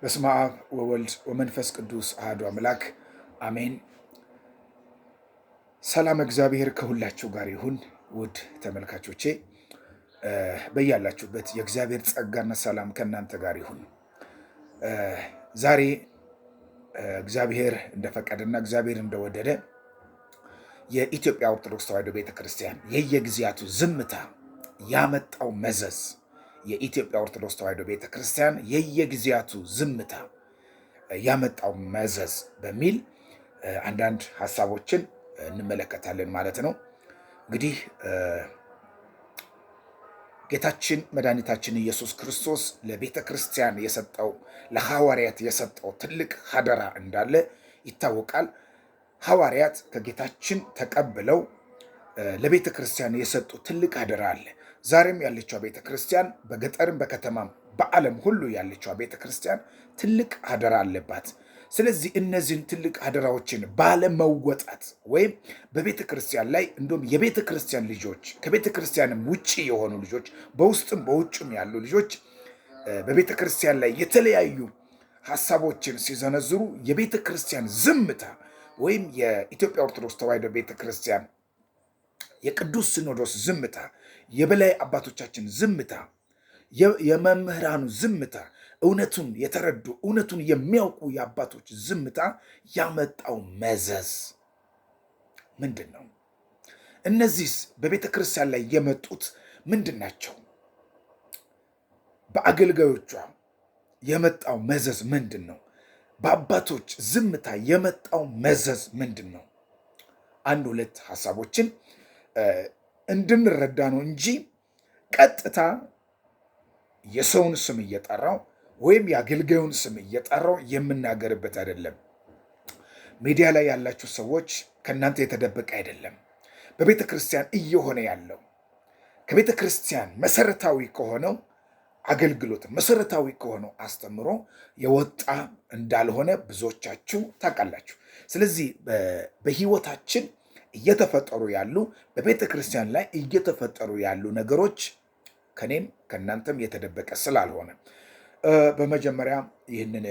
በስመ አብ ወወልድ ወመንፈስ ቅዱስ አሐዱ አምላክ አሜን። ሰላም እግዚአብሔር ከሁላችሁ ጋር ይሁን። ውድ ተመልካቾቼ በያላችሁበት የእግዚአብሔር ጸጋና ሰላም ከእናንተ ጋር ይሁን። ዛሬ እግዚአብሔር እንደፈቀደና እግዚአብሔር እንደወደደ የኢትዮጵያ ኦርቶዶክስ ተዋሕዶ ቤተክርስቲያን የየጊዜያቱ ዝምታ ያመጣው መዘዝ የኢትዮጵያ ኦርቶዶክስ ተዋሕዶ ቤተ ክርስቲያን የየጊዜያቱ ዝምታ ያመጣው መዘዝ በሚል አንዳንድ ሀሳቦችን እንመለከታለን ማለት ነው። እንግዲህ ጌታችን መድኃኒታችን ኢየሱስ ክርስቶስ ለቤተ ክርስቲያን የሰጠው ለሐዋርያት የሰጠው ትልቅ ሀደራ እንዳለ ይታወቃል። ሐዋርያት ከጌታችን ተቀብለው ለቤተ ክርስቲያን የሰጡ ትልቅ ሀደራ አለ። ዛሬም ያለችው ቤተ ክርስቲያን በገጠርም በከተማም በዓለም ሁሉ ያለችው ቤተ ክርስቲያን ትልቅ አደራ አለባት። ስለዚህ እነዚህን ትልቅ አደራዎችን ባለመወጣት ወይም በቤተ ክርስቲያን ላይ እንዲሁም የቤተ ክርስቲያን ልጆች ከቤተ ክርስቲያንም ውጭ የሆኑ ልጆች በውስጥም በውጭም ያሉ ልጆች በቤተ ክርስቲያን ላይ የተለያዩ ሀሳቦችን ሲዘነዝሩ የቤተ ክርስቲያን ዝምታ ወይም የኢትዮጵያ ኦርቶዶክስ ተዋሕዶ ቤተ ክርስቲያን የቅዱስ ሲኖዶስ ዝምታ የበላይ አባቶቻችን ዝምታ፣ የመምህራኑ ዝምታ፣ እውነቱን የተረዱ እውነቱን የሚያውቁ የአባቶች ዝምታ ያመጣው መዘዝ ምንድን ነው? እነዚህስ በቤተ ክርስቲያን ላይ የመጡት ምንድን ናቸው? በአገልጋዮቿ የመጣው መዘዝ ምንድን ነው? በአባቶች ዝምታ የመጣው መዘዝ ምንድን ነው? አንድ ሁለት ሀሳቦችን እንድንረዳ ነው እንጂ ቀጥታ የሰውን ስም እየጠራው ወይም የአገልጋዩን ስም እየጠራው የምናገርበት አይደለም። ሚዲያ ላይ ያላችሁ ሰዎች ከእናንተ የተደበቀ አይደለም። በቤተ ክርስቲያን እየሆነ ያለው ከቤተ ክርስቲያን መሰረታዊ ከሆነው አገልግሎት መሰረታዊ ከሆነው አስተምሮ የወጣ እንዳልሆነ ብዙዎቻችሁ ታውቃላችሁ። ስለዚህ በህይወታችን። እየተፈጠሩ ያሉ በቤተ ክርስቲያን ላይ እየተፈጠሩ ያሉ ነገሮች ከኔም ከእናንተም የተደበቀ ስላልሆነ በመጀመሪያ ይህንን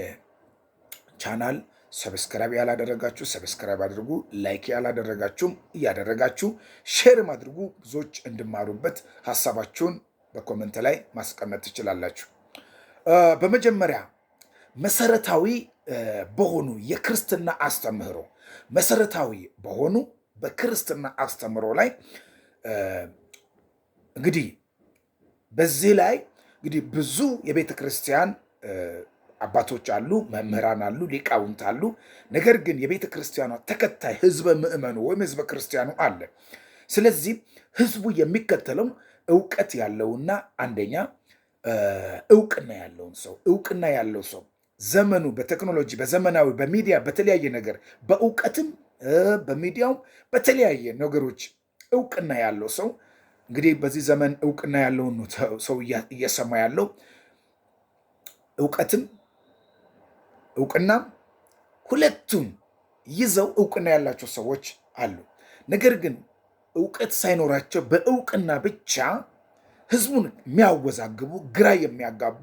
ቻናል ሰብስክራይብ ያላደረጋችሁ ሰብስክራይብ አድርጉ። ላይክ ያላደረጋችሁም እያደረጋችሁ ሼርም አድርጉ። ብዙዎች እንድማሩበት ሀሳባችሁን በኮመንት ላይ ማስቀመጥ ትችላላችሁ። በመጀመሪያ መሰረታዊ በሆኑ የክርስትና አስተምህሮ መሰረታዊ በሆኑ በክርስትና አስተምሮ ላይ እንግዲህ በዚህ ላይ እንግዲህ ብዙ የቤተ ክርስቲያን አባቶች አሉ፣ መምህራን አሉ፣ ሊቃውንት አሉ። ነገር ግን የቤተ ክርስቲያኗ ተከታይ ህዝበ ምእመኑ ወይም ህዝበ ክርስቲያኑ አለ። ስለዚህ ህዝቡ የሚከተለው እውቀት ያለውና አንደኛ እውቅና ያለውን ሰው እውቅና ያለው ሰው ዘመኑ በቴክኖሎጂ በዘመናዊ በሚዲያ በተለያየ ነገር በእውቀትም በሚዲያውም በተለያየ ነገሮች እውቅና ያለው ሰው እንግዲህ በዚህ ዘመን እውቅና ያለውን ሰው እየሰማ ያለው እውቀትም እውቅናም ሁለቱም ይዘው እውቅና ያላቸው ሰዎች አሉ። ነገር ግን እውቀት ሳይኖራቸው በእውቅና ብቻ ህዝቡን የሚያወዛግቡ ግራ የሚያጋቡ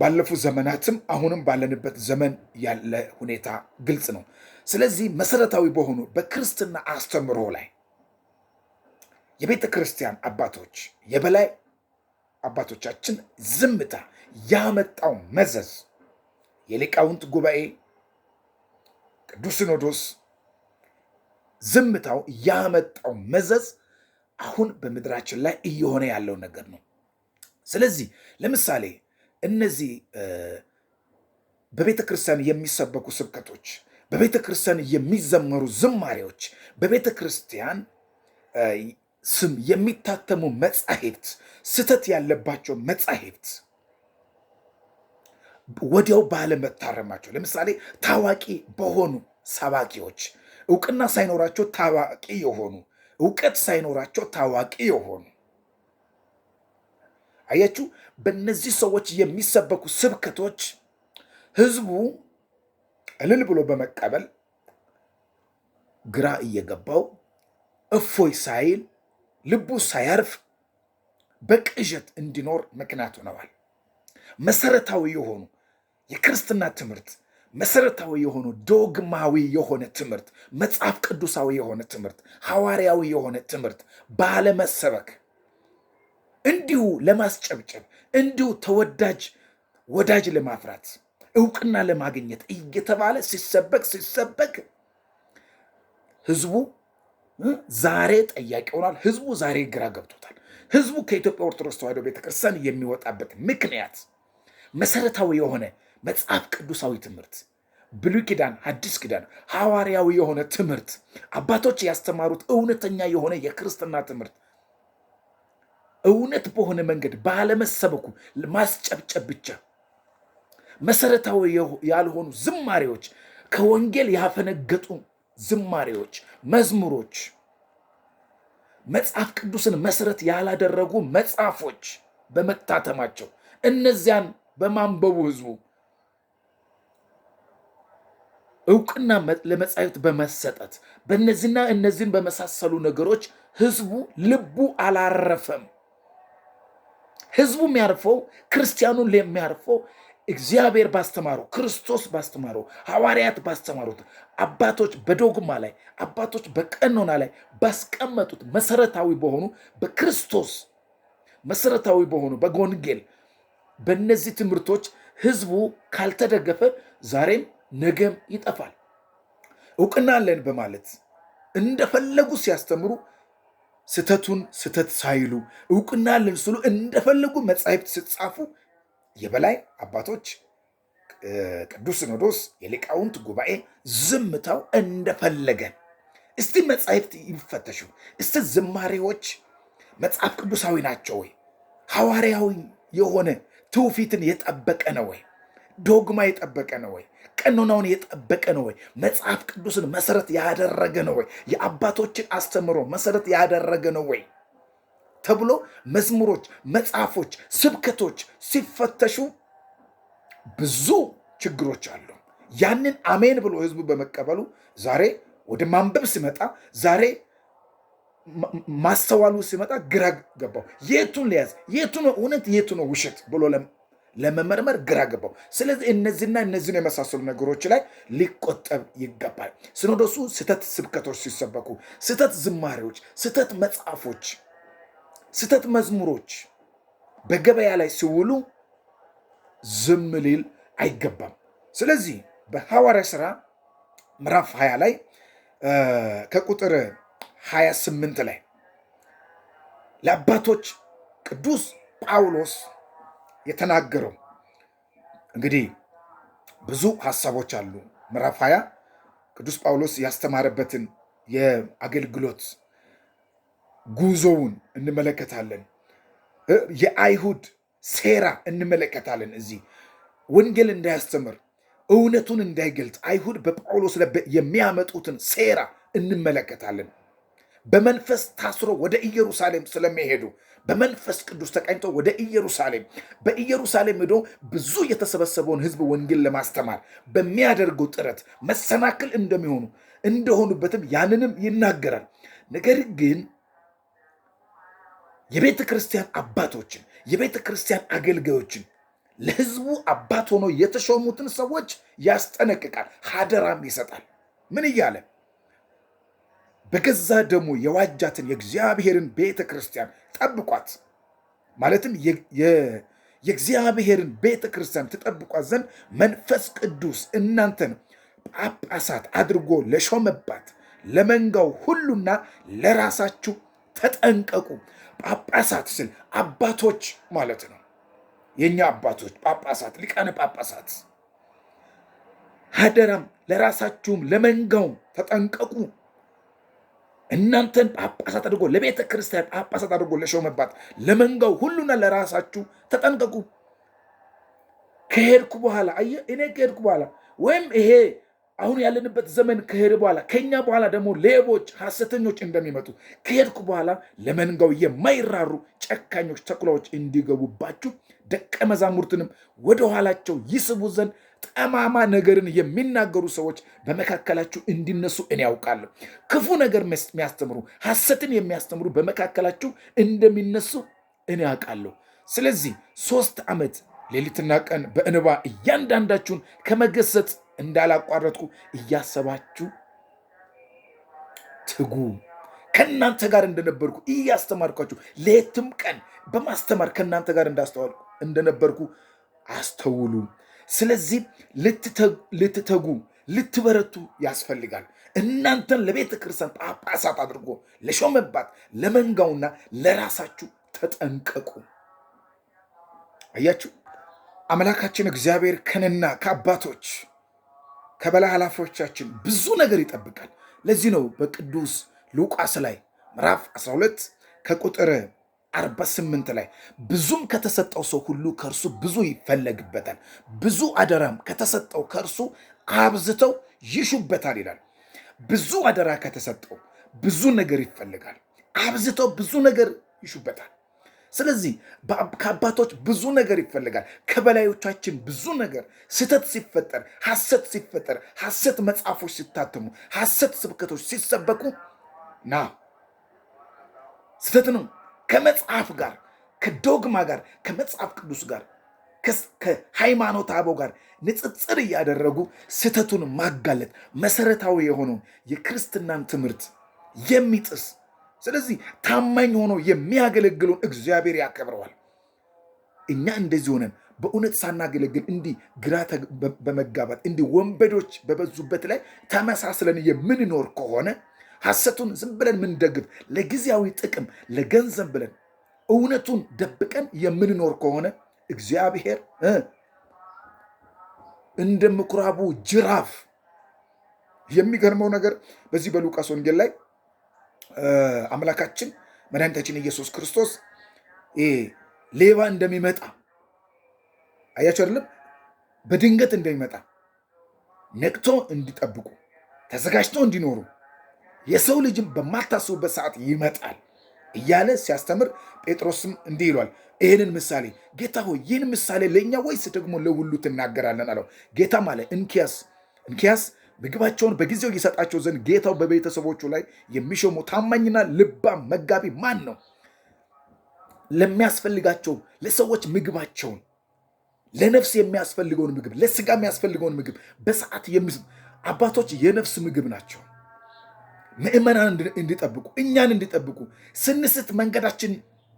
ባለፉት ዘመናትም አሁንም ባለንበት ዘመን ያለ ሁኔታ ግልጽ ነው። ስለዚህ መሰረታዊ በሆኑ በክርስትና አስተምሮ ላይ የቤተ ክርስቲያን አባቶች የበላይ አባቶቻችን ዝምታ ያመጣው መዘዝ የሊቃውንት ጉባኤ ቅዱስ ሲኖዶስ ዝምታው ያመጣው መዘዝ አሁን በምድራችን ላይ እየሆነ ያለው ነገር ነው። ስለዚህ ለምሳሌ እነዚህ በቤተ ክርስቲያን የሚሰበኩ ስብከቶች፣ በቤተ ክርስቲያን የሚዘመሩ ዝማሬዎች፣ በቤተ ክርስቲያን ስም የሚታተሙ መጻሕፍት፣ ስህተት ያለባቸው መጻሕፍት ወዲያው ባለመታረማቸው ለምሳሌ ታዋቂ በሆኑ ሰባኪዎች እውቅና ሳይኖራቸው ታዋቂ የሆኑ እውቀት ሳይኖራቸው ታዋቂ የሆኑ አያችሁ፣ በእነዚህ ሰዎች የሚሰበኩ ስብከቶች ህዝቡ እልል ብሎ በመቀበል ግራ እየገባው እፎይ ሳይል ልቡ ሳያርፍ በቅዠት እንዲኖር ምክንያት ሆነዋል። መሰረታዊ የሆኑ የክርስትና ትምህርት መሰረታዊ የሆኑ ዶግማዊ የሆነ ትምህርት፣ መጽሐፍ ቅዱሳዊ የሆነ ትምህርት፣ ሐዋርያዊ የሆነ ትምህርት ባለመሰበክ እንዲሁ ለማስጨብጨብ፣ እንዲሁ ተወዳጅ ወዳጅ ለማፍራት እውቅና ለማግኘት እየተባለ ሲሰበክ ሲሰበክ ህዝቡ ዛሬ ጠያቂ ሆኗል። ህዝቡ ዛሬ ግራ ገብቶታል። ህዝቡ ከኢትዮጵያ ኦርቶዶክስ ተዋሕዶ ቤተክርስቲያን የሚወጣበት ምክንያት መሰረታዊ የሆነ መጽሐፍ ቅዱሳዊ ትምህርት ብሉይ ኪዳን፣ አዲስ ኪዳን ሐዋርያዊ የሆነ ትምህርት አባቶች ያስተማሩት እውነተኛ የሆነ የክርስትና ትምህርት እውነት በሆነ መንገድ ባለመሰበኩ ማስጨብጨብ ብቻ መሰረታዊ ያልሆኑ ዝማሬዎች፣ ከወንጌል ያፈነገጡ ዝማሬዎች፣ መዝሙሮች፣ መጽሐፍ ቅዱስን መሰረት ያላደረጉ መጽሐፎች በመታተማቸው እነዚያን በማንበቡ ህዝቡ እውቅና ለመጻሕፍት በመሰጠት በእነዚህና እነዚህን በመሳሰሉ ነገሮች ህዝቡ ልቡ አላረፈም። ህዝቡ የሚያርፈው ክርስቲያኑን የሚያርፈው እግዚአብሔር ባስተማረው ክርስቶስ ባስተማረው ሐዋርያት ባስተማሩት አባቶች በዶግማ ላይ አባቶች በቀኖና ላይ ባስቀመጡት መሰረታዊ በሆኑ በክርስቶስ መሰረታዊ በሆኑ በጎንጌል በእነዚህ ትምህርቶች ህዝቡ ካልተደገፈ ዛሬም ነገም ይጠፋል። እውቅና አለን በማለት እንደፈለጉ ሲያስተምሩ ስተቱን ስተት ሳይሉ እውቅና ልንስሉ ስሉ እንደፈለጉ መጻሕፍት ስትጻፉ የበላይ አባቶች ቅዱስ ሲኖዶስ የሊቃውንት ጉባኤ ዝምታው እንደፈለገ እስቲ መጻሕፍት ይፈተሹ። እስቲ ዝማሬዎች መጽሐፍ ቅዱሳዊ ናቸው ወይ? ሐዋርያዊ የሆነ ትውፊትን የጠበቀ ነው ወይ? ዶግማ የጠበቀ ነው ወይ? ቀኖናውን የጠበቀ ነው ወይ? መጽሐፍ ቅዱስን መሰረት ያደረገ ነው ወይ? የአባቶችን አስተምሮ መሰረት ያደረገ ነው ወይ ተብሎ መዝሙሮች፣ መጽሐፎች፣ ስብከቶች ሲፈተሹ ብዙ ችግሮች አሉ። ያንን አሜን ብሎ ህዝቡ በመቀበሉ ዛሬ ወደ ማንበብ ሲመጣ፣ ዛሬ ማስተዋሉ ሲመጣ ግራ ገባው። የቱን ሊያዝ የቱ ነው እውነት የቱ ነው ውሸት ብሎ ለመመርመር ግራ ገባው። ስለዚህ እነዚህና እነዚህን የመሳሰሉ ነገሮች ላይ ሊቆጠብ ይገባል። ሲኖዶሱ ስህተት ስብከቶች ሲሰበኩ፣ ስህተት ዝማሬዎች፣ ስህተት መጽሐፎች፣ ስህተት መዝሙሮች በገበያ ላይ ሲውሉ ዝም ሊል አይገባም። ስለዚህ በሐዋርያ ሥራ ምዕራፍ 20 ላይ ከቁጥር 28 ላይ ለአባቶች ቅዱስ ጳውሎስ የተናገረው። እንግዲህ ብዙ ሀሳቦች አሉ። ምዕራፍ ሀያ ቅዱስ ጳውሎስ ያስተማረበትን የአገልግሎት ጉዞውን እንመለከታለን። የአይሁድ ሴራ እንመለከታለን። እዚህ ወንጌል እንዳያስተምር እውነቱን እንዳይገልጽ አይሁድ በጳውሎስ ላይ የሚያመጡትን ሴራ እንመለከታለን። በመንፈስ ታስሮ ወደ ኢየሩሳሌም ስለሚሄዱ በመንፈስ ቅዱስ ተቃኝቶ ወደ ኢየሩሳሌም በኢየሩሳሌም ሄዶ ብዙ የተሰበሰበውን ሕዝብ ወንጌል ለማስተማር በሚያደርገው ጥረት መሰናክል እንደሚሆኑ እንደሆኑበትም ያንንም ይናገራል። ነገር ግን የቤተ ክርስቲያን አባቶችን የቤተ ክርስቲያን አገልጋዮችን ለህዝቡ አባት ሆኖ የተሾሙትን ሰዎች ያስጠነቅቃል፣ ሀደራም ይሰጣል። ምን እያለ በገዛ ደሙ የዋጃትን የእግዚአብሔርን ቤተ ክርስቲያን ጠብቋት። ማለትም የእግዚአብሔርን ቤተ ክርስቲያን ትጠብቋት ዘንድ መንፈስ ቅዱስ እናንተን ጳጳሳት አድርጎ ለሾመባት ለመንጋው ሁሉና ለራሳችሁ ተጠንቀቁ። ጳጳሳት ስል አባቶች ማለት ነው። የእኛ አባቶች ጳጳሳት፣ ሊቃነ ጳጳሳት። አደራም ለራሳችሁም ለመንጋውም ተጠንቀቁ እናንተን ጳጳሳት አድርጎ ለቤተ ክርስቲያን ጳጳሳት አድርጎ ለሾመባት ለመንጋው ሁሉና ለራሳችሁ ተጠንቀቁ። ከሄድኩ በኋላ አየ እኔ ከሄድኩ በኋላ ወይም ይሄ አሁን ያለንበት ዘመን ከሄድ በኋላ ከኛ በኋላ ደግሞ ሌቦች፣ ሐሰተኞች እንደሚመጡ ከሄድኩ በኋላ ለመንጋው የማይራሩ ጨካኞች ተኩላዎች እንዲገቡባችሁ ደቀ መዛሙርትንም ወደኋላቸው ይስቡ ዘንድ ጠማማ ነገርን የሚናገሩ ሰዎች በመካከላችሁ እንዲነሱ እኔ ያውቃለሁ። ክፉ ነገር የሚያስተምሩ ሐሰትን የሚያስተምሩ በመካከላችሁ እንደሚነሱ እኔ ያውቃለሁ። ስለዚህ ሶስት ዓመት ሌሊትና ቀን በእንባ እያንዳንዳችሁን ከመገሰጽ እንዳላቋረጥኩ እያሰባችሁ ትጉ። ከእናንተ ጋር እንደነበርኩ እያስተማርኳችሁ ሌትም ቀን በማስተማር ከእናንተ ጋር እንዳስተዋልኩ እንደነበርኩ አስተውሉ። ስለዚህ ልትተጉ ልትበረቱ ያስፈልጋል። እናንተን ለቤተ ክርስቲያን ጳጳሳት አድርጎ ለሾመባት ለመንጋውና ለራሳችሁ ተጠንቀቁ። አያችሁ፣ አምላካችን እግዚአብሔር ከንና ከአባቶች ከበላይ ኃላፊዎቻችን ብዙ ነገር ይጠብቃል። ለዚህ ነው በቅዱስ ሉቃስ ላይ ምዕራፍ 12 ከቁጥር 48 ላይ ብዙም ከተሰጠው ሰው ሁሉ ከእርሱ ብዙ ይፈለግበታል፣ ብዙ አደራም ከተሰጠው ከእርሱ አብዝተው ይሹበታል ይላል። ብዙ አደራ ከተሰጠው ብዙ ነገር ይፈልጋል፣ አብዝተው ብዙ ነገር ይሹበታል። ስለዚህ ከአባቶች ብዙ ነገር ይፈልጋል። ከበላዮቻችን ብዙ ነገር ስህተት ሲፈጠር፣ ሐሰት ሲፈጠር፣ ሐሰት መጽሐፎች ሲታተሙ፣ ሐሰት ስብከቶች ሲሰበኩ ና ስህተት ነው ከመጽሐፍ ጋር ከዶግማ ጋር ከመጽሐፍ ቅዱስ ጋር ከሃይማኖት አበው ጋር ንጽጽር እያደረጉ ስህተቱን ማጋለጥ መሰረታዊ የሆነውን የክርስትናን ትምህርት የሚጥስ ስለዚህ ታማኝ ሆኖ የሚያገለግለውን እግዚአብሔር ያከብረዋል። እኛ እንደዚህ ሆነን በእውነት ሳናገለግል እንዲህ ግራ በመጋባት እንዲህ ወንበዶች በበዙበት ላይ ተመሳስለን የምንኖር ከሆነ ሐሰቱን ዝም ብለን ምንደግፍ ለጊዜያዊ ጥቅም ለገንዘብ ብለን እውነቱን ደብቀን የምንኖር ከሆነ እግዚአብሔር እንደ ምኩራቡ ጅራፍ የሚገርመው ነገር በዚህ በሉቃስ ወንጌል ላይ አምላካችን መድኃኒታችን ኢየሱስ ክርስቶስ ሌባ እንደሚመጣ አያቸው አይደለም፣ በድንገት እንደሚመጣ ነቅቶ እንዲጠብቁ ተዘጋጅቶ እንዲኖሩ የሰው ልጅም በማታስቡበት ሰዓት ይመጣል እያለ ሲያስተምር ጴጥሮስም እንዲህ ይሏል፣ ይህንን ምሳሌ ጌታ ሆይ ይህን ምሳሌ ለእኛ ወይስ ደግሞ ለሁሉ ትናገራለን አለው። ጌታ አለ እንኪያስ እንኪያስ ምግባቸውን በጊዜው ይሰጣቸው ዘንድ ጌታው በቤተሰቦቹ ላይ የሚሾሙ ታማኝና ልባም መጋቢ ማን ነው? ለሚያስፈልጋቸው ለሰዎች ምግባቸውን ለነፍስ የሚያስፈልገውን ምግብ ለስጋ የሚያስፈልገውን ምግብ በሰዓት አባቶች የነፍስ ምግብ ናቸው። ምእመናን እንዲጠብቁ እኛን እንዲጠብቁ ስንስት መንገዳችን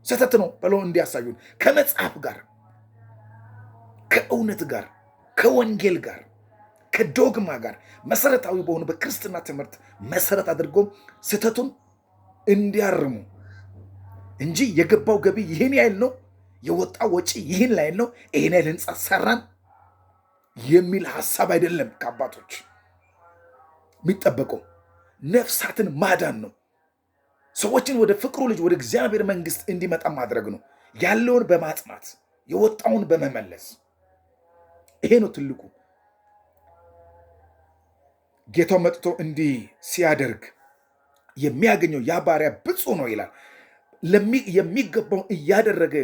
ስህተት ነው ብለው እንዲያሳዩን ከመጽሐፍ ጋር ከእውነት ጋር ከወንጌል ጋር ከዶግማ ጋር መሰረታዊ በሆኑ በክርስትና ትምህርት መሰረት አድርጎ ስህተቱን እንዲያርሙ እንጂ የገባው ገቢ ይህን ያህል ነው፣ የወጣው ወጪ ይህን ላይል ነው፣ ይህን ያህል ህንፃ ሰራን የሚል ሀሳብ አይደለም ከአባቶች የሚጠበቀው። ነፍሳትን ማዳን ነው። ሰዎችን ወደ ፍቅሩ ልጅ ወደ እግዚአብሔር መንግስት እንዲመጣ ማድረግ ነው። ያለውን በማጽናት የወጣውን በመመለስ ይሄ ነው ትልቁ። ጌታው መጥቶ እንዲህ ሲያደርግ የሚያገኘው ያ ባሪያ ብፁዕ ነው ይላል። የሚገባውን እያደረገ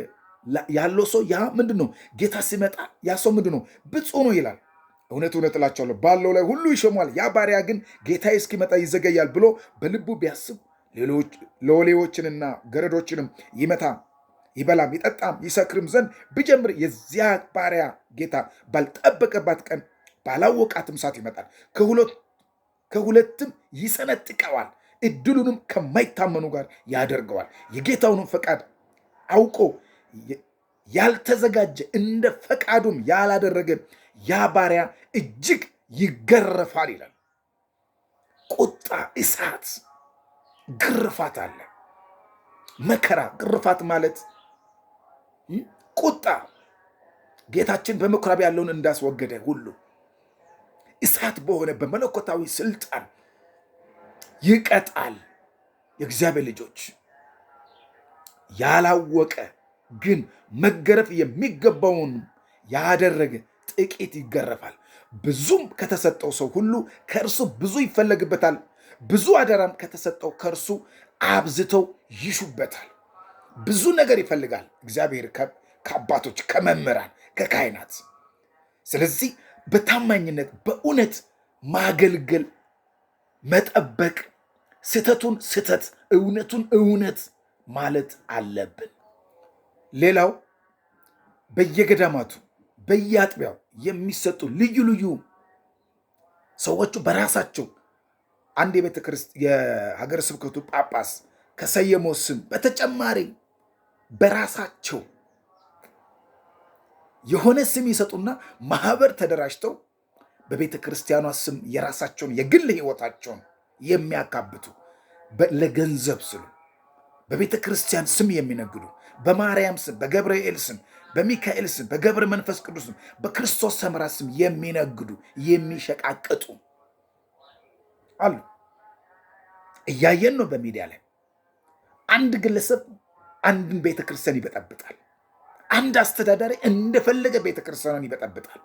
ያለው ሰው ያ ምንድን ነው? ጌታ ሲመጣ ያ ሰው ምንድን ነው? ብፁዕ ነው ይላል። እውነት እውነት እላቸዋለሁ ባለው ላይ ሁሉ ይሸሟል ያ ባሪያ ግን ጌታዬ እስኪመጣ ይዘገያል ብሎ በልቡ ቢያስብ ሎሌዎችንና ገረዶችንም ይመታም፣ ይበላም፣ ይጠጣም፣ ይሰክርም ዘንድ ብጀምር የዚያ ባሪያ ጌታ ባልጠበቀባት ቀን ባላወቃትም ሰዓት ይመጣል፣ ከሁለትም ይሰነጥቀዋል፣ እድሉንም ከማይታመኑ ጋር ያደርገዋል። የጌታውንም ፈቃድ አውቆ ያልተዘጋጀ እንደ ፈቃዱም ያላደረገ ያ ባሪያ እጅግ ይገረፋል ይላል። ቁጣ፣ እሳት፣ ግርፋት አለ። መከራ፣ ግርፋት ማለት ቁጣ ጌታችን በምኩራብ ያለውን እንዳስወገደ ሁሉ እሳት በሆነ በመለኮታዊ ስልጣን ይቀጣል። የእግዚአብሔር ልጆች ያላወቀ ግን መገረፍ የሚገባውን ያደረገ ጥቂት ይገረፋል፣ ብዙም ከተሰጠው ሰው ሁሉ ከእርሱ ብዙ ይፈለግበታል። ብዙ አደራም ከተሰጠው ከእርሱ አብዝተው ይሹበታል። ብዙ ነገር ይፈልጋል እግዚአብሔር ከአባቶች ከመምህራን፣ ከካህናት። ስለዚህ በታማኝነት በእውነት ማገልገል፣ መጠበቅ፣ ስህተቱን ስህተት፣ እውነቱን እውነት ማለት አለብን። ሌላው በየገዳማቱ በየአጥቢያው የሚሰጡ ልዩ ልዩ ሰዎቹ በራሳቸው አንድ የቤተ ክርስቲያን የሀገረ ስብከቱ ጳጳስ ከሰየመው ስም በተጨማሪ በራሳቸው የሆነ ስም ይሰጡና ማህበር ተደራጅተው በቤተ ክርስቲያኗ ስም የራሳቸውን የግል ህይወታቸውን የሚያካብቱ ለገንዘብ ስሉ በቤተ ክርስቲያን ስም የሚነግዱ በማርያም ስም፣ በገብርኤል ስም፣ በሚካኤል ስም፣ በገብረ መንፈስ ቅዱስ ስም፣ በክርስቶስ ሰምራ ስም የሚነግዱ የሚሸቃቅጡ አሉ። እያየን ነው። በሚዲያ ላይ አንድ ግለሰብ አንድን ቤተክርስቲያን ይበጠብጣል። አንድ አስተዳዳሪ እንደፈለገ ቤተክርስቲያንን ይበጠብጣል።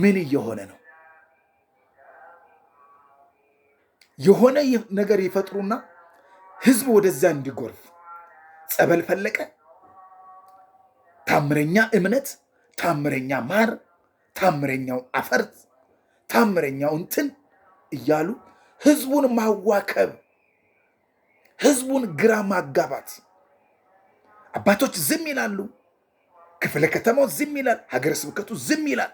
ምን እየሆነ ነው? የሆነ ነገር ይፈጥሩና ህዝብ ወደዛ እንዲጎርፍ ጸበል ፈለቀ ታምረኛ እምነት፣ ታምረኛ ማር፣ ታምረኛው አፈርት፣ ታምረኛው እንትን እያሉ ህዝቡን ማዋከብ፣ ህዝቡን ግራ ማጋባት። አባቶች ዝም ይላሉ። ክፍለ ከተማው ዝም ይላል። ሀገረ ስብከቱ ዝም ይላል።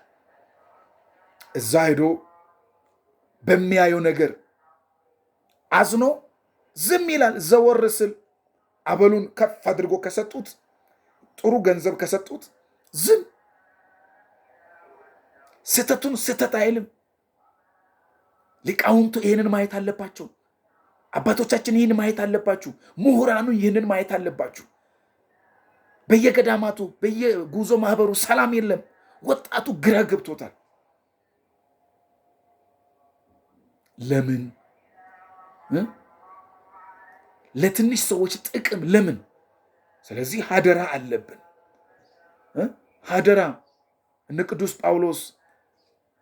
እዛ ሄዶ በሚያየው ነገር አዝኖ ዝም ይላል። ዘወር ስል አበሉን ከፍ አድርጎ ከሰጡት ጥሩ ገንዘብ ከሰጡት ዝም ስህተቱን ስህተት አይልም። ሊቃውንቱ ይህንን ማየት አለባቸው። አባቶቻችን ይህን ማየት አለባችሁ። ምሁራኑ ይህንን ማየት አለባችሁ። በየገዳማቱ በየጉዞ ማህበሩ ሰላም የለም። ወጣቱ ግራ ገብቶታል። ለምን ለትንሽ ሰዎች ጥቅም ለምን ስለዚህ ሀደራ አለብን። ሀደራ እነ ቅዱስ ጳውሎስ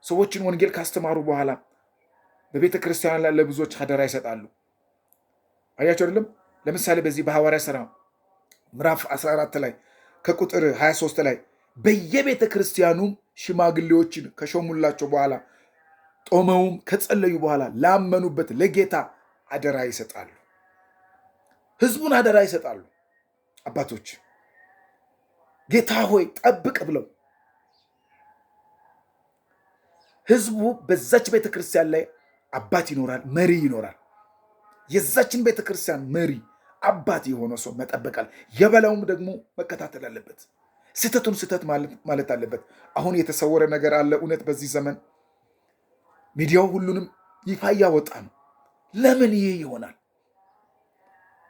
ሰዎችን ወንጌል ካስተማሩ በኋላ በቤተ ክርስቲያን ላይ ለብዙዎች ሀደራ ይሰጣሉ። አያቸው አይደለም። ለምሳሌ በዚህ በሐዋርያ ሥራ ምዕራፍ 14 ላይ ከቁጥር 23 ላይ በየቤተ ክርስቲያኑም ሽማግሌዎችን ከሾሙላቸው በኋላ ጦመውም ከጸለዩ በኋላ ላመኑበት ለጌታ አደራ ይሰጣሉ። ህዝቡን አደራ ይሰጣሉ። አባቶች ጌታ ሆይ ጠብቅ ብለው ህዝቡ በዛች ቤተክርስቲያን ላይ አባት ይኖራል፣ መሪ ይኖራል። የዛችን ቤተክርስቲያን መሪ አባት የሆነ ሰው መጠበቃል። የበላውም ደግሞ መከታተል አለበት። ስህተቱን ስህተት ማለት አለበት። አሁን የተሰወረ ነገር አለ። እውነት በዚህ ዘመን ሚዲያው ሁሉንም ይፋ እያወጣ ነው። ለምን ይህ ይሆናል?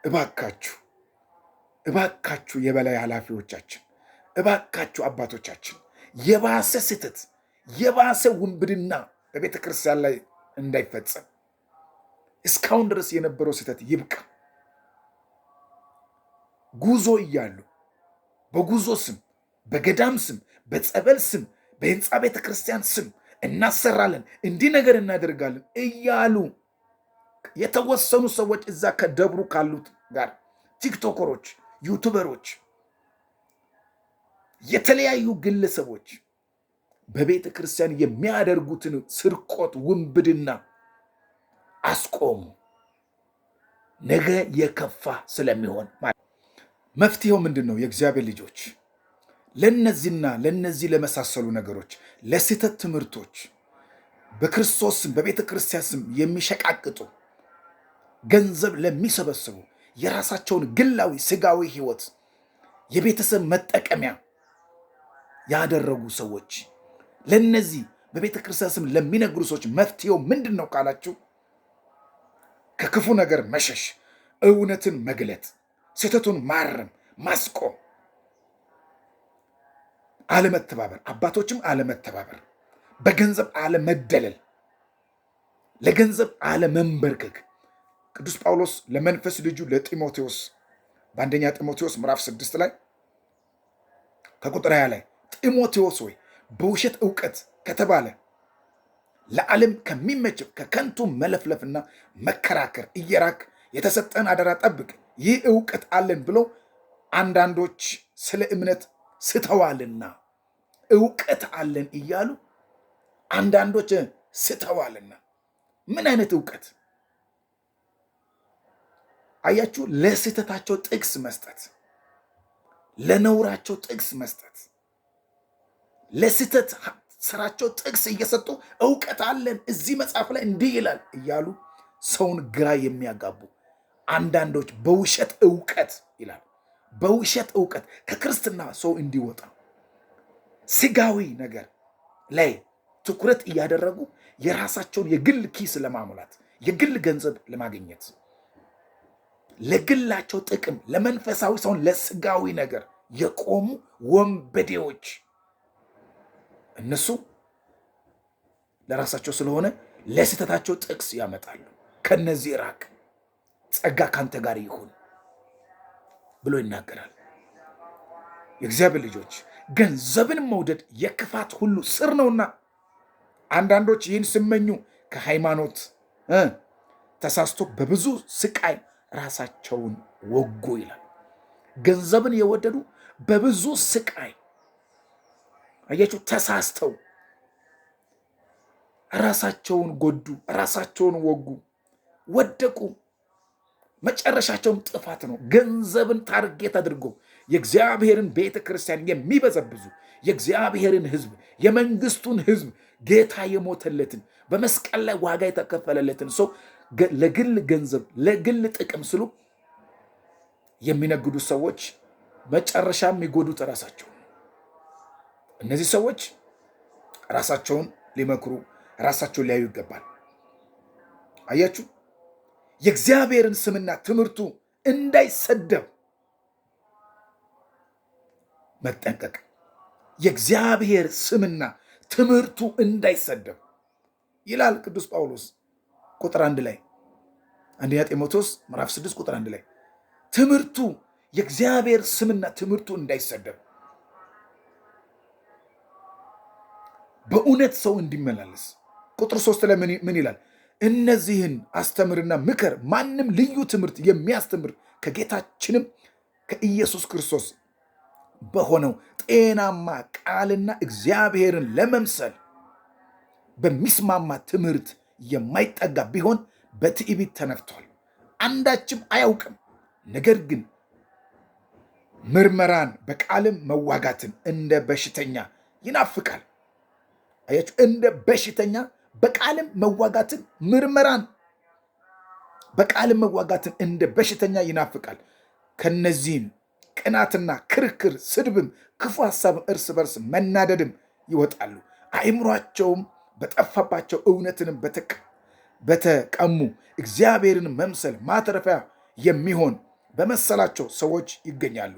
እባካችሁ እባካችሁ የበላይ ኃላፊዎቻችን፣ እባካችሁ አባቶቻችን የባሰ ስህተት የባሰ ውንብድና በቤተ ክርስቲያን ላይ እንዳይፈጸም እስካሁን ድረስ የነበረው ስህተት ይብቃ። ጉዞ እያሉ በጉዞ ስም፣ በገዳም ስም፣ በጸበል ስም፣ በህንፃ ቤተ ክርስቲያን ስም እናሰራለን፣ እንዲህ ነገር እናደርጋለን እያሉ የተወሰኑ ሰዎች እዛ ከደብሩ ካሉት ጋር ቲክቶከሮች ዩቱበሮች፣ የተለያዩ ግለሰቦች በቤተ ክርስቲያን የሚያደርጉትን ስርቆት፣ ውንብድና አስቆሙ። ነገ የከፋ ስለሚሆን ማለት መፍትሄው ምንድን ነው? የእግዚአብሔር ልጆች ለነዚህና ለነዚህ ለመሳሰሉ ነገሮች ለስህተት ትምህርቶች በክርስቶስ ስም በቤተ ክርስቲያን ስም የሚሸቃቅጡ ገንዘብ ለሚሰበስቡ የራሳቸውን ግላዊ ስጋዊ ህይወት የቤተሰብ መጠቀሚያ ያደረጉ ሰዎች ለነዚህ በቤተ ክርስቲያን ስም ለሚነግሩ ሰዎች መፍትሄው ምንድን ነው ካላችሁ፣ ከክፉ ነገር መሸሽ፣ እውነትን መግለጥ፣ ስህተቱን ማረም፣ ማስቆም፣ አለመተባበር፣ አባቶችም አለመተባበር፣ በገንዘብ አለመደለል፣ ለገንዘብ አለመንበርከክ ቅዱስ ጳውሎስ ለመንፈስ ልጁ ለጢሞቴዎስ በአንደኛ ጢሞቴዎስ ምዕራፍ ስድስት ላይ ከቁጥር ሀያ ላይ ጢሞቴዎስ ወይ በውሸት እውቀት ከተባለ ለዓለም ከሚመቸው ከከንቱ መለፍለፍና መከራከር እየራክ የተሰጠን አደራ ጠብቅ። ይህ እውቀት አለን ብለው አንዳንዶች ስለ እምነት ስተዋልና እውቀት አለን እያሉ አንዳንዶች ስተዋልና ምን አይነት እውቀት አያችሁ፣ ለስህተታቸው ጥቅስ መስጠት፣ ለነውራቸው ጥቅስ መስጠት፣ ለስህተት ስራቸው ጥቅስ እየሰጡ እውቀት አለን እዚህ መጽሐፍ ላይ እንዲህ ይላል እያሉ ሰውን ግራ የሚያጋቡ አንዳንዶች በውሸት እውቀት ይላል በውሸት እውቀት ከክርስትና ሰው እንዲወጣ ስጋዊ ነገር ላይ ትኩረት እያደረጉ የራሳቸውን የግል ኪስ ለማሙላት የግል ገንዘብ ለማግኘት ለግላቸው ጥቅም ለመንፈሳዊ ሰውን ለስጋዊ ነገር የቆሙ ወንበዴዎች እነሱ ለራሳቸው ስለሆነ ለስህተታቸው ጥቅስ ያመጣሉ። ከነዚህ ራቅ፣ ጸጋ ካንተ ጋር ይሁን ብሎ ይናገራል። የእግዚአብሔር ልጆች ገንዘብን መውደድ የክፋት ሁሉ ስር ነውና አንዳንዶች ይህን ሲመኙ ከሃይማኖት ተሳስቶ በብዙ ስቃይ ራሳቸውን ወጉ ይላል። ገንዘብን የወደዱ በብዙ ስቃይ አያችሁ፣ ተሳስተው ራሳቸውን ጎዱ፣ ራሳቸውን ወጉ፣ ወደቁ። መጨረሻቸውም ጥፋት ነው። ገንዘብን ታርጌት አድርጎ የእግዚአብሔርን ቤተ ክርስቲያን የሚበዘብዙ የእግዚአብሔርን ሕዝብ የመንግስቱን ሕዝብ ጌታ የሞተለትን በመስቀል ላይ ዋጋ የተከፈለለትን ሰው ለግል ገንዘብ ለግል ጥቅም ስሉ የሚነግዱ ሰዎች መጨረሻ የሚጎዱት ራሳቸው። እነዚህ ሰዎች ራሳቸውን ሊመክሩ ራሳቸውን ሊያዩ ይገባል። አያችሁ፣ የእግዚአብሔርን ስምና ትምህርቱ እንዳይሰደብ መጠንቀቅ። የእግዚአብሔር ስምና ትምህርቱ እንዳይሰደብ ይላል ቅዱስ ጳውሎስ ቁጥር አንድ ላይ አንደኛ ጢሞቴዎስ ምዕራፍ 6 ቁጥር 1 ላይ ትምህርቱ የእግዚአብሔር ስምና ትምህርቱ እንዳይሰደብ በእውነት ሰው እንዲመላለስ። ቁጥር ሶስት ላይ ምን ይላል? እነዚህን አስተምርና ምከር፣ ማንም ልዩ ትምህርት የሚያስተምር ከጌታችንም ከኢየሱስ ክርስቶስ በሆነው ጤናማ ቃልና እግዚአብሔርን ለመምሰል በሚስማማ ትምህርት የማይጠጋ ቢሆን በትዕቢት ተነፍቷል፣ አንዳችም አያውቅም። ነገር ግን ምርመራን በቃልም መዋጋትን እንደ በሽተኛ ይናፍቃል። አያችሁ፣ እንደ በሽተኛ በቃልም መዋጋትን ምርመራን በቃልም መዋጋትን እንደ በሽተኛ ይናፍቃል። ከነዚህም ቅናትና ክርክር፣ ስድብም፣ ክፉ ሐሳብም፣ እርስ በርስ መናደድም ይወጣሉ። አይምሯቸውም በጠፋባቸው እውነትንም በተቀ በተቀሙ እግዚአብሔርን መምሰል ማተረፊያ የሚሆን በመሰላቸው ሰዎች ይገኛሉ።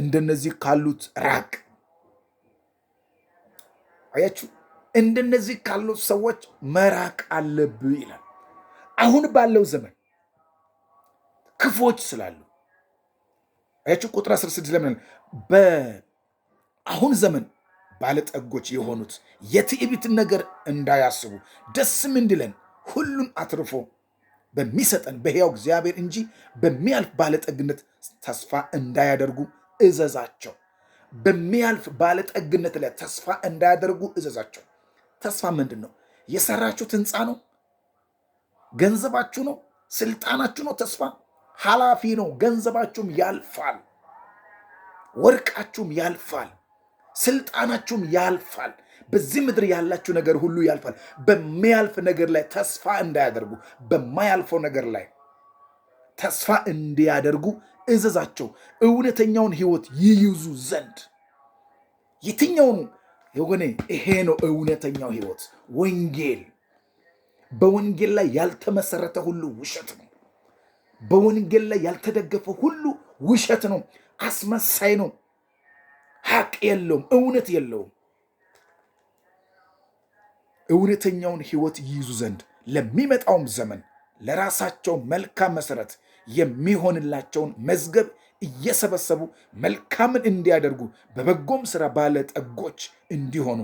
እንደነዚህ ካሉት ራቅ። አያችሁ፣ እንደነዚህ ካሉት ሰዎች መራቅ አለብህ ይላል። አሁን ባለው ዘመን ክፎች ስላሉ አያችሁ፣ ቁጥር 16 ለምን በአሁን ዘመን ባለጠጎች የሆኑት የትዕቢትን ነገር እንዳያስቡ ደስም እንዲለን ሁሉን አትርፎ በሚሰጠን በሕያው እግዚአብሔር እንጂ በሚያልፍ ባለጠግነት ተስፋ እንዳያደርጉ እዘዛቸው። በሚያልፍ ባለጠግነት ላይ ተስፋ እንዳያደርጉ እዘዛቸው። ተስፋ ምንድን ነው? የሰራችሁት ህንፃ ነው? ገንዘባችሁ ነው? ስልጣናችሁ ነው? ተስፋ ኃላፊ ነው። ገንዘባችሁም ያልፋል፣ ወርቃችሁም ያልፋል፣ ስልጣናችሁም ያልፋል። በዚህ ምድር ያላችሁ ነገር ሁሉ ያልፋል። በሚያልፍ ነገር ላይ ተስፋ እንዳያደርጉ በማያልፈው ነገር ላይ ተስፋ እንዲያደርጉ እዘዛቸው። እውነተኛውን ህይወት ይይዙ ዘንድ የትኛውን ወገኔ? ይሄ ነው እውነተኛው ህይወት ወንጌል። በወንጌል ላይ ያልተመሰረተ ሁሉ ውሸት ነው። በወንጌል ላይ ያልተደገፈ ሁሉ ውሸት ነው፣ አስመሳይ ነው፣ ሀቅ የለውም፣ እውነት የለውም። እውነተኛውን ሕይወት ይይዙ ዘንድ ለሚመጣውም ዘመን ለራሳቸው መልካም መሰረት የሚሆንላቸውን መዝገብ እየሰበሰቡ መልካምን እንዲያደርጉ በበጎም ባለ ባለጠጎች እንዲሆኑ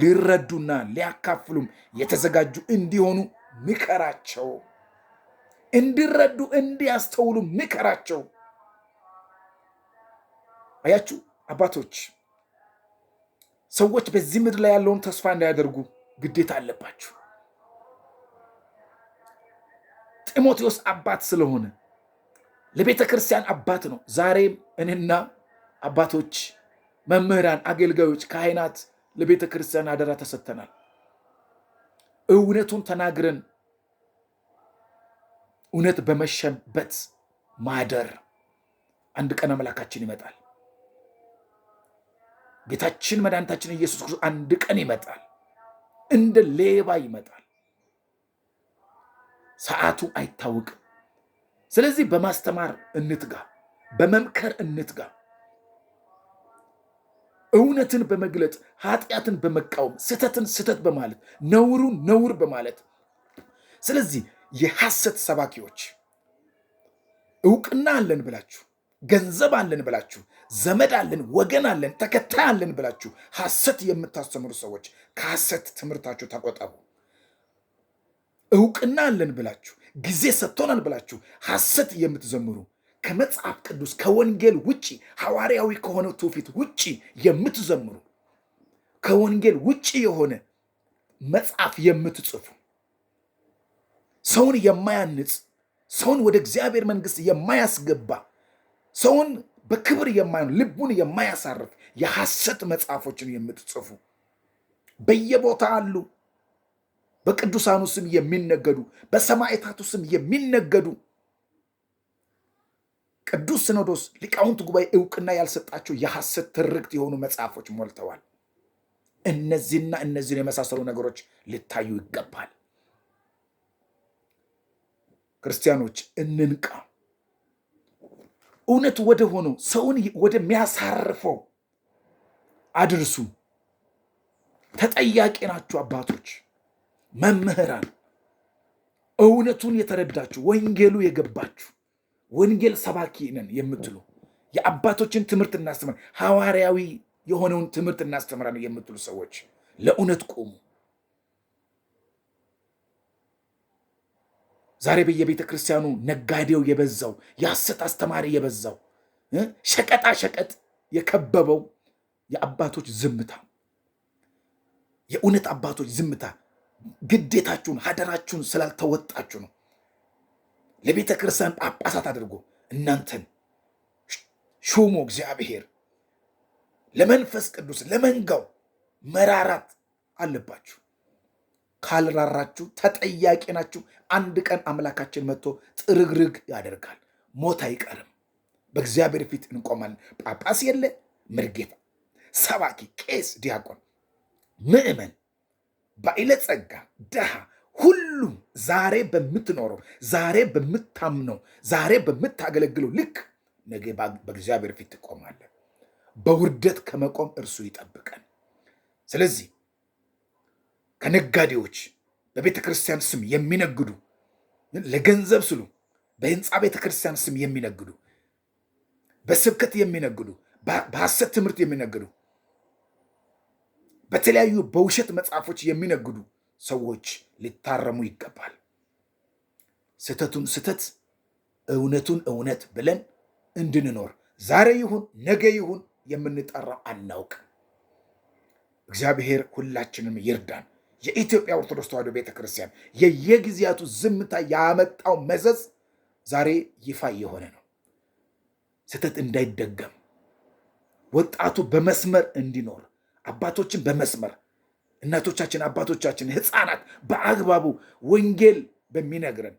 ሊረዱና ሊያካፍሉም የተዘጋጁ እንዲሆኑ ምከራቸው። እንዲረዱ እንዲያስተውሉ ምከራቸው። አያችሁ አባቶች፣ ሰዎች በዚህ ምድር ላይ ያለውን ተስፋ እንዳያደርጉ ግዴታ አለባችሁ። ጢሞቴዎስ አባት ስለሆነ ለቤተ ክርስቲያን አባት ነው። ዛሬም እኔና አባቶች፣ መምህራን፣ አገልጋዮች፣ ካህናት ለቤተ ክርስቲያን አደራ ተሰጥተናል። እውነቱን ተናግረን እውነት በመሸበት ማደር። አንድ ቀን አምላካችን ይመጣል። ጌታችን መድኃኒታችን ኢየሱስ ክርስቶስ አንድ ቀን ይመጣል። እንደ ሌባ ይመጣል፣ ሰዓቱ አይታወቅም። ስለዚህ በማስተማር እንትጋ፣ በመምከር እንትጋ፣ እውነትን በመግለጽ ኃጢአትን በመቃወም ስህተትን ስህተት በማለት ነውሩን ነውር በማለት ስለዚህ የሐሰት ሰባኪዎች እውቅና አለን ብላችሁ ገንዘብ አለን ብላችሁ ዘመድ አለን ወገን አለን ተከታይ አለን ብላችሁ ሐሰት የምታስተምሩ ሰዎች ከሐሰት ትምህርታችሁ ተቆጠቡ። እውቅና አለን ብላችሁ ጊዜ ሰጥቶናል ብላችሁ ሐሰት የምትዘምሩ ከመጽሐፍ ቅዱስ ከወንጌል ውጭ ሐዋርያዊ ከሆነ ትውፊት ውጭ የምትዘምሩ ከወንጌል ውጭ የሆነ መጽሐፍ የምትጽፉ ሰውን የማያንጽ ሰውን ወደ እግዚአብሔር መንግስት የማያስገባ ሰውን በክብር የማይሆን ልቡን የማያሳርፍ የሐሰት መጽሐፎችን የምትጽፉ በየቦታ አሉ። በቅዱሳኑ ስም የሚነገዱ በሰማዕታቱ ስም የሚነገዱ ቅዱስ ሲኖዶስ ሊቃውንት ጉባኤ እውቅና ያልሰጣቸው የሐሰት ትርክት የሆኑ መጽሐፎች ሞልተዋል። እነዚህና እነዚህን የመሳሰሉ ነገሮች ሊታዩ ይገባል። ክርስቲያኖች እንንቃ። እውነት ወደ ሆነው ሰውን ወደሚያሳርፈው አድርሱ። ተጠያቂ ናችሁ አባቶች፣ መምህራን፣ እውነቱን የተረዳችሁ ወንጌሉ የገባችሁ ወንጌል ሰባኪ ነን የምትሉ የአባቶችን ትምህርት እናስተምር ሐዋርያዊ የሆነውን ትምህርት እናስተምራለን የምትሉ ሰዎች ለእውነት ቆሙ ዛሬ በየቤተ ክርስቲያኑ ነጋዴው የበዛው የሐሰት አስተማሪ የበዛው ሸቀጣ ሸቀጥ የከበበው የአባቶች ዝምታ የእውነት አባቶች ዝምታ ግዴታችሁን ሀደራችሁን ስላልተወጣችሁ ነው። ለቤተ ክርስቲያን ጳጳሳት አድርጎ እናንተን ሹሞ እግዚአብሔር ለመንፈስ ቅዱስ ለመንጋው መራራት አለባችሁ። ካልራራችሁ ተጠያቂ ናችሁ። አንድ ቀን አምላካችን መጥቶ ጥርግርግ ያደርጋል። ሞት አይቀርም። በእግዚአብሔር ፊት እንቆማለን። ጳጳስ የለ መርጌታ፣ ሰባኪ፣ ቄስ፣ ዲያቆን፣ ምዕመን፣ ባለጸጋ፣ ድሃ ሁሉም ዛሬ በምትኖረው ዛሬ በምታምነው ዛሬ በምታገለግለው ልክ ነገ በእግዚአብሔር ፊት ትቆማለን። በውርደት ከመቆም እርሱ ይጠብቀን። ስለዚህ ከነጋዴዎች በቤተ ክርስቲያን ስም የሚነግዱ ለገንዘብ ስሉ በህንፃ ቤተ ክርስቲያን ስም የሚነግዱ በስብከት የሚነግዱ በሐሰት ትምህርት የሚነግዱ በተለያዩ በውሸት መጽሐፎች የሚነግዱ ሰዎች ሊታረሙ ይገባል። ስህተቱን ስህተት እውነቱን እውነት ብለን እንድንኖር ዛሬ ይሁን ነገ ይሁን የምንጠራው አናውቅ። እግዚአብሔር ሁላችንም ይርዳን። የኢትዮጵያ ኦርቶዶክስ ተዋህዶ ቤተክርስቲያን የየጊዜያቱ ዝምታ ያመጣው መዘዝ ዛሬ ይፋ የሆነ ነው። ስህተት እንዳይደገም ወጣቱ በመስመር እንዲኖር አባቶችን በመስመር እናቶቻችን፣ አባቶቻችን፣ ህፃናት በአግባቡ ወንጌል በሚነግረን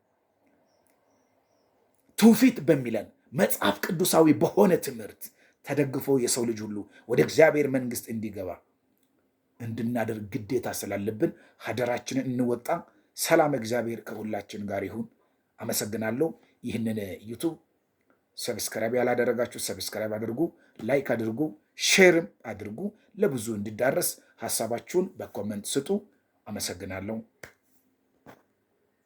ትውፊት በሚለን መጽሐፍ ቅዱሳዊ በሆነ ትምህርት ተደግፎ የሰው ልጅ ሁሉ ወደ እግዚአብሔር መንግስት እንዲገባ እንድናደርግ ግዴታ ስላለብን ሀደራችንን እንወጣ። ሰላም እግዚአብሔር ከሁላችን ጋር ይሁን። አመሰግናለሁ። ይህንን ዩቱብ ሰብስክራይብ ያላደረጋችሁ ሰብስክራይብ አድርጉ፣ ላይክ አድርጉ፣ ሼርም አድርጉ። ለብዙ እንዲዳረስ ሀሳባችሁን በኮመንት ስጡ። አመሰግናለሁ።